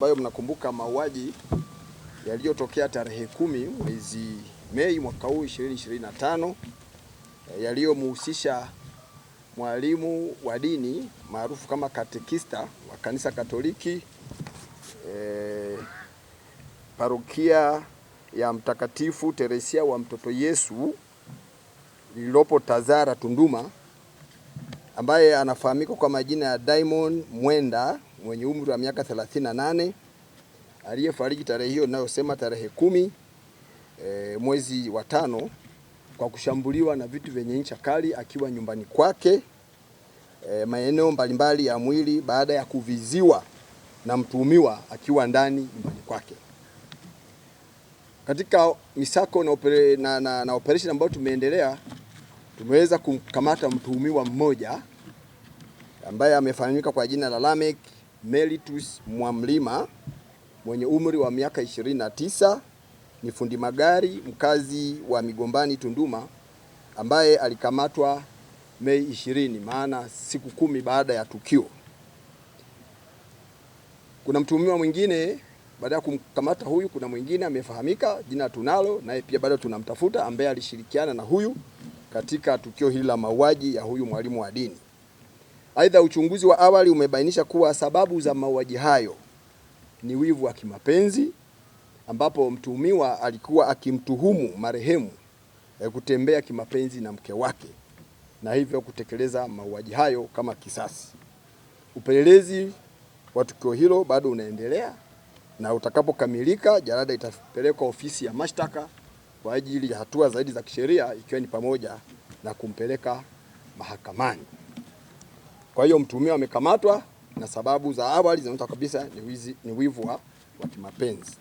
ambayo mnakumbuka mauaji yaliyotokea tarehe kumi mwezi Mei mwaka huu 2025 eh, yaliyomhusisha mwalimu wa dini maarufu kama katekista wa kanisa Katoliki eh, parokia ya Mtakatifu Teresia wa Mtoto Yesu lililopo Tazara Tunduma, ambaye anafahamika kwa majina ya Diamond Mwenda mwenye umri wa miaka 38 aliyefariki tarehe hiyo inayosema tarehe kumi e, mwezi wa tano kwa kushambuliwa na vitu vyenye ncha kali akiwa nyumbani kwake e, maeneo mbalimbali ya mwili baada ya kuviziwa na mtuhumiwa akiwa ndani nyumbani kwake. Katika misako na, opere, na, na, na operation ambayo tumeendelea tumeweza kumkamata mtuhumiwa mmoja ambaye amefahamika kwa jina la Lamek Melitus Mwamlima mwenye umri wa miaka 29 ni fundi magari mkazi wa Migombani, Tunduma, ambaye alikamatwa Mei 20, maana siku kumi baada ya tukio. Kuna mtuhumiwa mwingine baada ya kumkamata huyu, kuna mwingine amefahamika jina tunalo naye pia bado tunamtafuta, ambaye alishirikiana na huyu katika tukio hili la mauaji ya huyu mwalimu wa dini. Aidha, uchunguzi wa awali umebainisha kuwa sababu za mauaji hayo ni wivu wa kimapenzi, ambapo mtuhumiwa alikuwa akimtuhumu marehemu e, kutembea kimapenzi na mke wake na hivyo kutekeleza mauaji hayo kama kisasi. Upelelezi wa tukio hilo bado unaendelea na utakapokamilika, jalada itapelekwa ofisi ya mashtaka kwa ajili ya hatua zaidi za kisheria ikiwa ni pamoja na kumpeleka mahakamani. Kwa hiyo mtuhumiwa amekamatwa na sababu za awali zinaonyesha kabisa ni wizi, ni wivu wa kimapenzi.